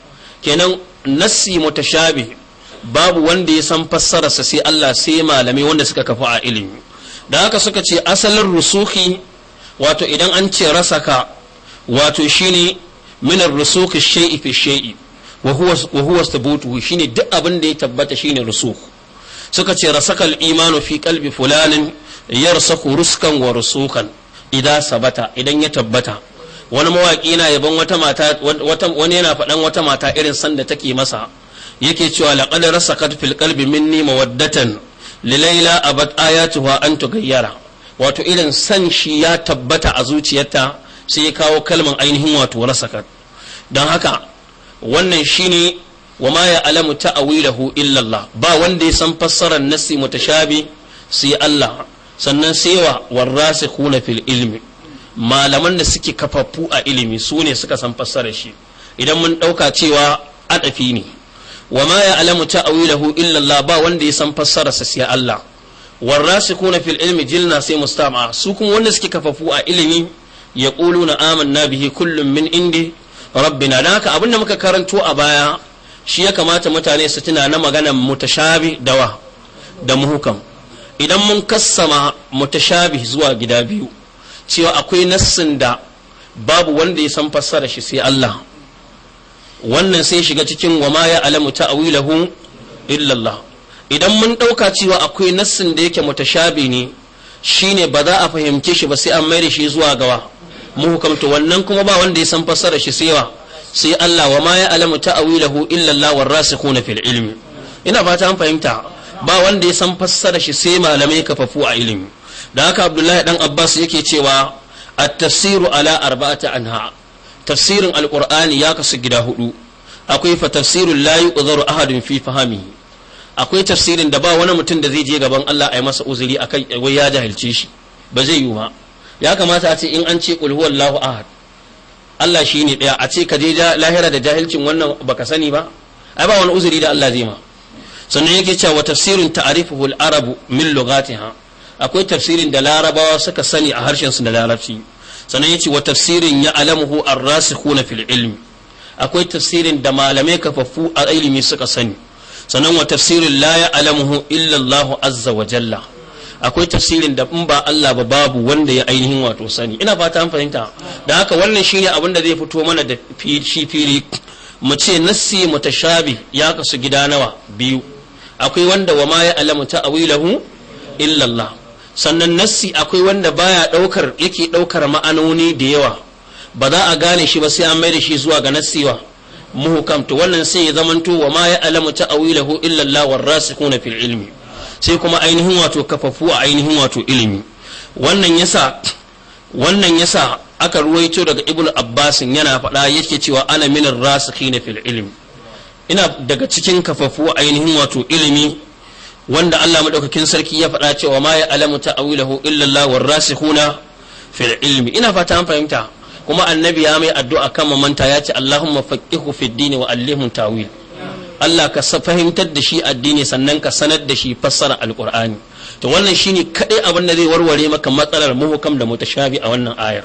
kenan nassi mutashabi babu wanda ya san fassararsa sai Allah sai malamai wanda suka kafa a ilimi da haka suka ce asalin rusuki wato idan an ce rasaka wato shine minar rusuki shay'i fi shay'i wa huwa wa huwa shine duk abin da ya tabbata shine rusukh suka ce rasakal imanu fi kalbi fulanin yarsaku ruskan wa rusukan idan sabata idan ya tabbata wani mawaƙi na yabon wata mata wani yana faɗan wata mata irin sanda take masa yake cewa laqad rasakat fil qalbi minni mawaddatan li layla abat ayatuha an tugayyara wato irin san shi ya tabbata a zuciyarta sai ya kawo kalman ainihin wato rasakat don haka wannan shine wa ma ya'lamu ta'wilahu illa Allah ba wanda ya san fassarar nassi mutashabi sai Allah sannan sai wa warasikhuna fil ilmi malaman da suke kafaffu a ilimi su ne suka san fassarar shi idan mun ɗauka cewa adafi ne wa ma ya'lamu ta'wilahu illa Allah ba wanda ya san fassara sai Allah warrasikuna fil ilmi jilna sai mustama su kuma wanda suke kafafu a ilimi yaquluna amanna bihi kullum min indi rabbina dan haka abinda muka karanto a baya shi ya kamata mutane su tuna na maganan mutashabi dawa da muhukam idan mun kassama mutashabi zuwa gida biyu cewa akwai nassin da babu wanda ya san fassara shi sai Allah wannan sai shiga cikin wa ma ya alamu illa illallah idan mun ɗauka cewa akwai nassin da yake mutashabi ne shine ba za a fahimce shi ba sai an mai da shi zuwa gawa muhukam to wannan kuma ba wanda ya san fassara shi sai wa sai Allah wa ma ya alamu ta'awilahu illa Allah na fil ilm ina fata an fahimta ba wanda ya san fassara shi sai malamai kafafu a ilimi da haka Abdullahi dan Abbas yake cewa at-tafsiru ala arba'ati anha tafsirin alqur'ani ya kasu gida hudu akwai fa tafsiru la yu'dharu ahadun fi fahamihi akwai tafsirin da ba wani mutum da zai je gaban Allah a yi masa uzuri akai wai ya jahilce shi ba zai yi ba ya kamata a ce in an ce qul huwallahu ahad Allah shi ne ɗaya a ce ka je lahira da jahilcin wannan baka sani ba ai ba wani uzuri da Allah zai ma sannan yake cewa wa tafsirin ta'rifuhu arabu min lughatiha akwai tafsirin da larabawa suka sani a harshen su da larabci sannan yace wa tafsirin ya'lamuhu ar-rasikhuna fil ilmi akwai tafsirin da malamai kafaffu a ilimi suka sani sannan wa tafsirin la ya'lamuhu illa Allah azza wa jalla akwai tafsirin da in ba Allah ba babu wanda ya ainihin wato sani ina fata an fahimta da haka wannan shine abin da zai fito mana da shi fili mu ce nassi mutashabi ya kasu gida nawa biyu akwai wanda wa ma ya alamu ta'awilahu illa Allah sannan nassi akwai wanda baya daukar yake daukar ma'anoni da yawa ba za a gane shi ba sai an mai da shi zuwa ga nassiwa muhukam to wannan sai ya zamanto wa ma ya alamu ta'awilahu illa Allah warasikhuna fil ilmi sai kuma ainihin wato kafafu a ainihin wato ilimi wannan yasa wannan yasa aka ruwaito daga ibn abbasin yana faɗa yake cewa ana minar rasikhin fil ilm ina daga cikin kafafu a ainihin wato ilimi wanda Allah madaukakin sarki ya faɗa cewa ma ya alamu ta'awilahu illa Allah war fil ilmi ina fata an fahimta kuma annabi ya mai addu'a kan mamanta ya ce Allahumma faqihu fid wa allimhu ta'wil Allah ka fahimtar da shi addini sannan ka sanar da shi fassara alkur'ani to wannan shine kadai abin da zai warware maka matsalar muhukam da mutashabi a wannan ayar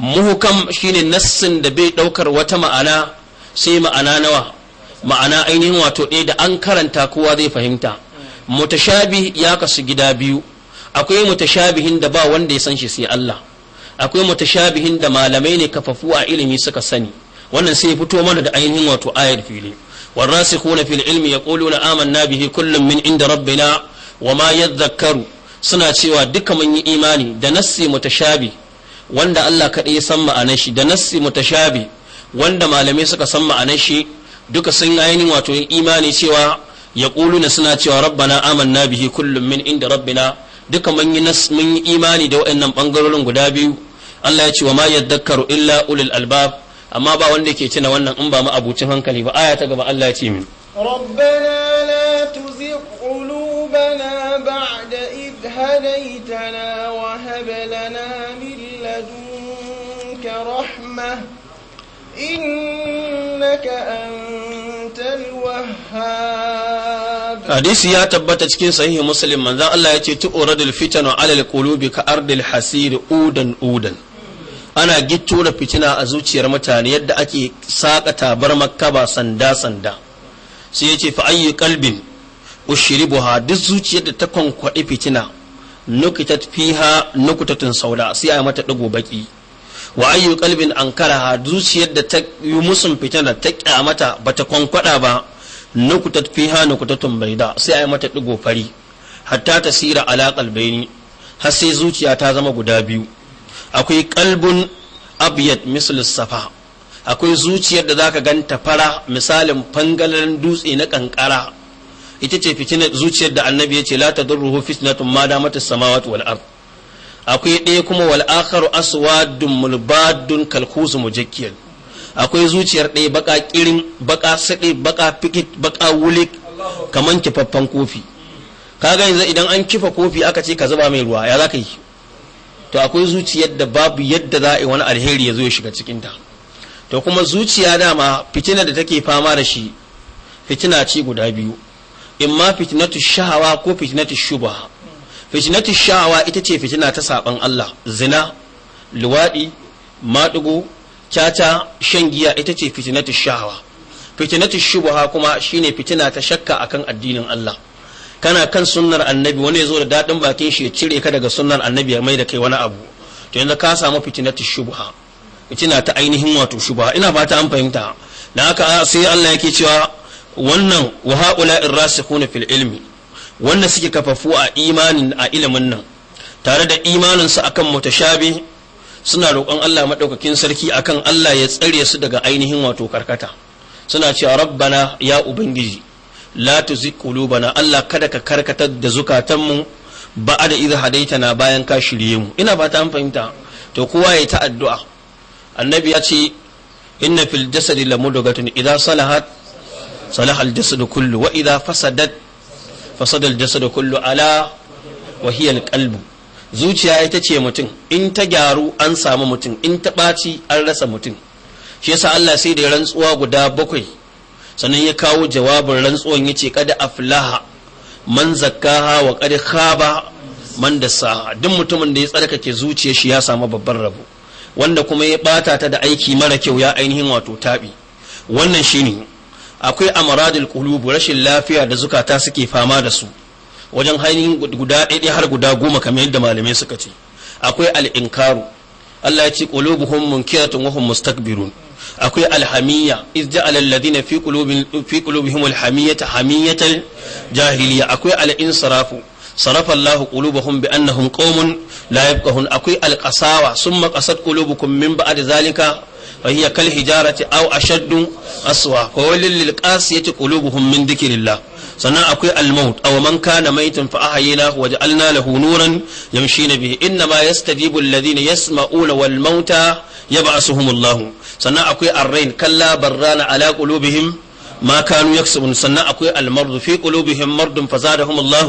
muhukam shine nassin da bai ɗaukar wata ma'ana sai ma'ana nawa ma'ana ainihin wato ɗaya da an karanta kowa zai fahimta mutashabi ya kasu gida biyu akwai mutashabihin da ba wanda ya san shi sai Allah akwai mutashabihin da malamai ne kafafu a ilimi suka sani wannan sai fito mana da ainihin wato ayar fili والراسخون في العلم يقولون آمنا به كل من عند ربنا وما يذكر suna cewa duka mun yi imani da nassi mutashabi wanda Allah kaɗai ya san ma'anar shi da nassi mutashabi wanda malamai suka san ma'anar shi duka sun ainihin wato imani cewa ya na suna cewa rabbana amanna bihi kullum min inda rabbina duka mun yi imani da waɗannan bangarorin guda biyu Allah ya ce wa ma yadhakkaru illa ulul albab amma ba wanda yake cina wannan in ba mu abucin hankali ba aya ta gaba Allah ya ce min rabbana la tuzigh qulubana ba'da id hadaytana wa hab lana min ladunka rahma innaka antal wahhab hadisi ya tabbata cikin sahihi muslim manzo Allah ya ce tu'radul fitanu 'ala alqulubi ka ardil hasir udan udan ana gitto da fitina a zuciyar mutane yadda ake saƙa tabar makaba sanda sanda sai ya ce fa ayyu ushiri buha duk zuciyar da ta kwankwaɗi fitina nukitat fiha nukutatun sauda sai a mata digo baki wa kalbin ankara ankaraha zuciyar da ta yi musun fitina ta kyamata bata kwankwada ba nukutat fiha nukutatun baida sai a mata digo fari hatta tasira ala baini har sai zuciya ta zama guda biyu akwai kalbun abyad misal safa akwai zuciyar da za zaka ganta fara misalin fangalaren dutse na kankara ita ce fitina zuciyar da annabi ya ce la tadurruhu fitnatun ma damat as-samawati wal ard akwai ɗaya kuma wal akharu aswadun mulbadun kalkusu mujakkil akwai zuciyar ɗaya baka kirin baka sade baka fikit baka wulik kaman kifaffan kofi kaga yanzu idan an kifa kofi aka ce ka zuba mai ruwa ya zaka yi to akwai zuciyar da babu yadda za a yi wani alheri ya zo ya shiga cikinta to kuma zuciya dama fitina da take fama da shi fitina ce guda biyu in ma fitinatu shahawa ko fitinatu shubha fitinatu shahawa ita ce fitina ta saban Allah zina luwaɗi maɗigo caca shan giya ita ce fitinatu shahawa fitinatu shubha kuma shine fitina ta shakka akan addinin Allah kana kan sunnar annabi wani ya zo da daɗin bakin shi ya cire ka daga sunnar annabi ya mai da kai wani abu to yanzu ka samu fitinatu shubha fitina ta ainihin wato shubha ina ba ta an fahimta dan haka sai Allah yake cewa wannan wa haula irrasikhuna fil ilmi wanda suke kafafu a imanin a ilimin nan tare da imanin su akan mutashabi suna roƙon Allah madaukakin sarki akan Allah ya tsare su daga ainihin wato karkata suna cewa rabbana ya ubangiji la tuzigh qulubana Allah kada ka karkatar da zukatanmu da idh hadaitana bayan ka shirye mu ina fata ta fahimta to kowa ya ta addu'a annabi ya ce inna fil jasadi lamudghatan idza salahat salaha al jasadu kullu wa idza fasadat fasada al jasadu kullu ala wa hiya zuciya ita ce mutum in ta gyaru an samu mutum in ta ɓaci an rasa mutum shi yasa Allah sai da rantsuwa guda bakwai sannan ya kawo jawabin rantsuwan ya ce kada aflaha man zakkaha wa kada khaba man dassaha duk mutumin da ya tsarkake zuciyar shi ya samu babban rabo wanda kuma ya bata ta da aiki mara kyau ya ainihin wato tabi wannan shine akwai amaradul kulubu rashin lafiya da zukata suke fama da su wajen hanyoyin guda ɗaya har guda goma kamar yadda malamai suka ce akwai al-inkaru Allah ya ce qulubuhum munkiratun wa hum mustakbirun akwai alhamiya iz ja'ala alladhina fi qulubi fi qulubihim alhamiyata hamiyatal jahiliya akwai al-insarafu sarafa Allah qulubahum bi annahum qaumun la yabqahun akwai alkasawa qasawa summa qasat qulubukum min ba'd zalika wa hiya kal hijarati aw ashaddu aswa wa lil qasiyati qulubuhum min dhikrillah sannan akwai almaut aw man kana maitan fa ahyaynahu wa ja'alna lahu nuran yamshi bihi inna ma yastajibu alladhina yasma'una wal mauta yab'asuhum Allah sannan akwai arrain kalla barrana ala qulubihim ma kanu yaksubun sannan akwai almardu fi qulubihim mardun fazadahum Allah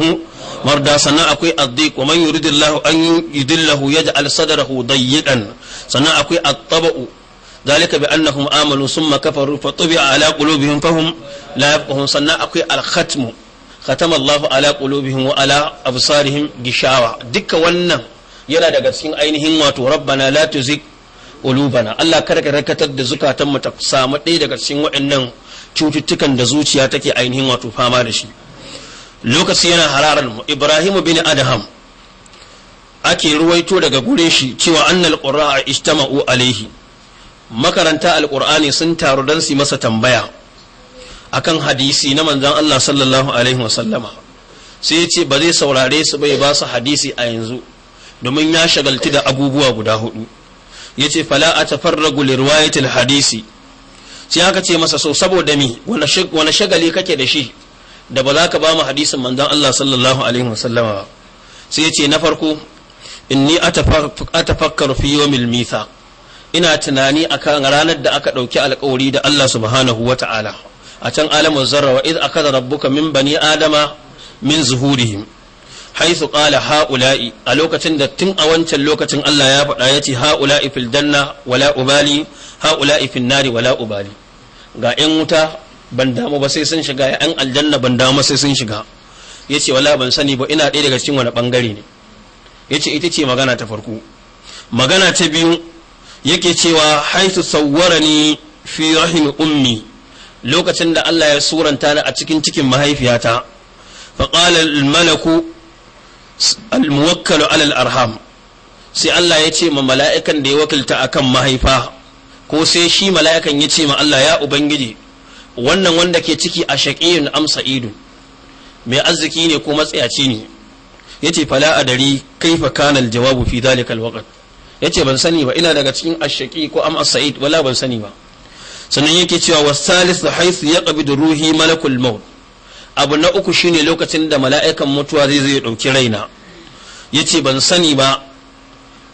marda sannan akwai addiq wa man yuridillahu an yudillahu yaj'al sadrahu dayyiqan sannan akwai at zalika bi annahum amanu sun kafaru fa tubi'a ala qulubihim fahum la yafqahun sannan akwai al-khatmu khatama Allahu ala qulubihim wa ala absarihim gishawa dukkan wannan yana daga cikin ainihin wato rabbana la tuzigh qulubana Allah kada ka rakatar da zukatan mu ta samu ɗaya daga cikin waɗannan cututtukan da zuciya take ainihin wato fama da shi lokaci yana hararar mu Ibrahim bin adaham ake ruwaito daga gure shi cewa annal qurra ijtama'u alaihi makaranta alkur'ani sun taru don su masa tambaya akan hadisi na manzan Allah sallallahu alaihi wasallama sai ya ce ba zai saurare su bai ba su hadisi a yanzu domin ya shagalti da abubuwa guda hudu ya ce fala a tafarragu lirwayatil hadisi sai aka ce masa so saboda mi wani shagali kake da shi da ba za ka ba mu hadisin manzan Allah sallallahu alaihi wasallama ba sai ya ce na farko inni atafakkaru fi yawmil mithaq ina tunani akan ranar da aka ɗauki alkawari da Allah subhanahu wa ta'ala a can alamun zarra wa iz akada rabbuka min bani adama min zuhurihim haythu qala haula'i a lokacin da tun a wancan lokacin Allah ya faɗa ya ce haula'i fil danna wala ubali haula'i fil nari wala ubali ga ƴan wuta ban damu ba sai sun shiga ƴan aljanna ban damu sai sun shiga yace wala ban sani ba ina ɗaya daga cikin wani bangare ne yace ita ce magana ta farko magana ta biyu yake cewa haitu sawwarani fi rahim ummi lokacin da Allah ya suranta ni a cikin cikin mahaifiyata fa qala al malaku al ala al arham sai Allah ya ce ma mala'ikan da ya wakilta akan mahaifa ko sai shi mala'ikan ya ce ma Allah ya ubangiji wannan wanda ke ciki a shaqiyun am sa'idun mai arziki ne ko matsayaci ne yace fala adari kaifa kana al jawabu fi dhalika al waqt yace ban sani ba ina daga cikin ashaki ko am as-sa'id wala ban sani ba sannan yake cewa wasalis da haisu ya da ruhi malakul maut abu na uku shine lokacin da mala'ikan mutuwa zai zai ɗauki raina ya ce ban sani ba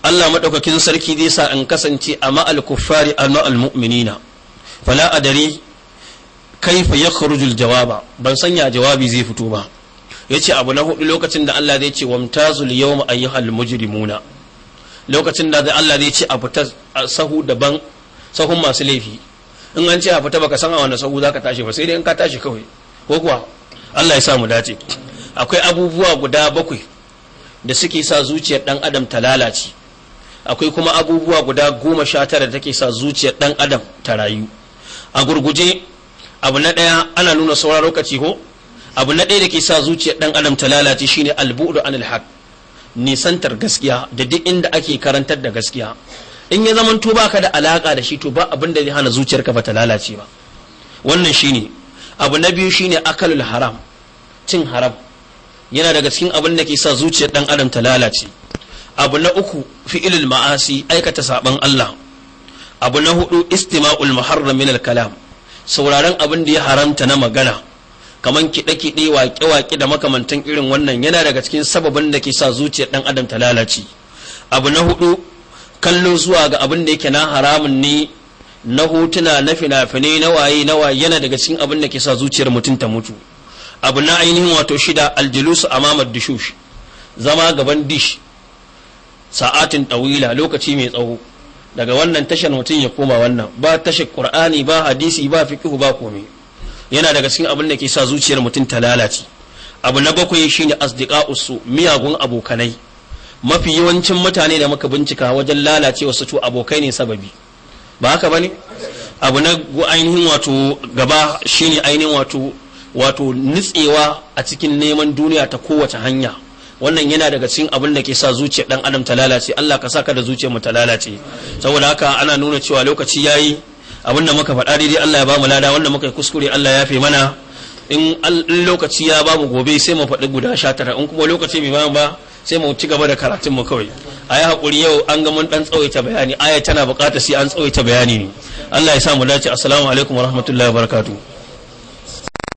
Allah maɗaukakin sarki zai sa in kasance a ma'al kuffari a ma'al mu'minina fala adari kaifa ya kharujul jawaba ban sanya jawabi zai fito ba ya ce abu na hudu lokacin da Allah zai ce wamtazul yawma ayyuhal mujrimuna lokacin da zai Allah zai ce a fita sahu daban sahun masu laifi in an ce a fita baka san a wani sahu zaka tashi ba sai dai in ka tashi kawai ko kuwa Allah ya sa mu dace akwai abubuwa guda bakwai da suke sa zuciyar dan adam ta lalace akwai kuma abubuwa guda goma sha tara da take sa zuciyar dan adam ta rayu a gurguje abu na ɗaya ana nuna saura lokaci ko abu na ɗaya da ke sa zuciyar dan adam ta lalace shine albu'du anil haqq nisantar gaskiya da duk inda ake karantar da gaskiya in ya zaman to baka da alaka da shi to ba abin da zai hana zuciyarka ba ta lalace ba wannan shine abu na biyu shine akalul haram cin haram yana daga cikin abin da ke sa zuciyar dan adam ta lalace abu na uku fi'ilul ma'asi aikata saban Allah abu na hudu istima'ul muharram min al-kalam sauraron abin da ya haramta na magana kamar kiɗe-kiɗe waƙe-waƙe da makamantan irin wannan yana daga cikin sababin da ke sa zuciyar ɗan adam ta lalace abu na hudu kallo zuwa ga abin da yake na haramun ne na hotuna na fina-finai na waye na waye yana daga cikin abin da ke sa zuciyar mutum ta mutu abu na ainihin wato shida aljulusu mamar dishush zama gaban dish sa'atin ɗawila lokaci mai tsawo daga wannan tashar mutum ya koma wannan ba tashar ƙur'ani ba hadisi ba fiƙihu ba komai yana daga cikin abin da ke sa zuciyar mutum ta lalace abu na bakwai shine usu miyagun abokanai mafi yawancin mutane da muka bincika wajen lalace wasu to abokai ne sababi ba haka bane abu na ainihin wato gaba shine ainihin wato wato nitsewa a cikin neman duniya ta kowace hanya wannan yana daga cikin abin da ke sa zuciyar dan adam ta lalace Allah ka saka da zuciyar mu ta lalace saboda haka ana nuna cewa lokaci yayi abin da muka faɗa daidai Allah ya bamu lada wanda muka yi kuskure Allah ya fi mana in lokaci ya bamu gobe sai mu faɗi guda sha tara in kuma lokaci bai bamu ba sai mu ci gaba da karatun mu kawai a yi haƙuri yau an ga mun ɗan tsawaita bayani aya tana buƙatar sai an tsawaita bayani ne Allah ya sa mu dace assalamu alaikum wa rahmatullahi wa barakatuh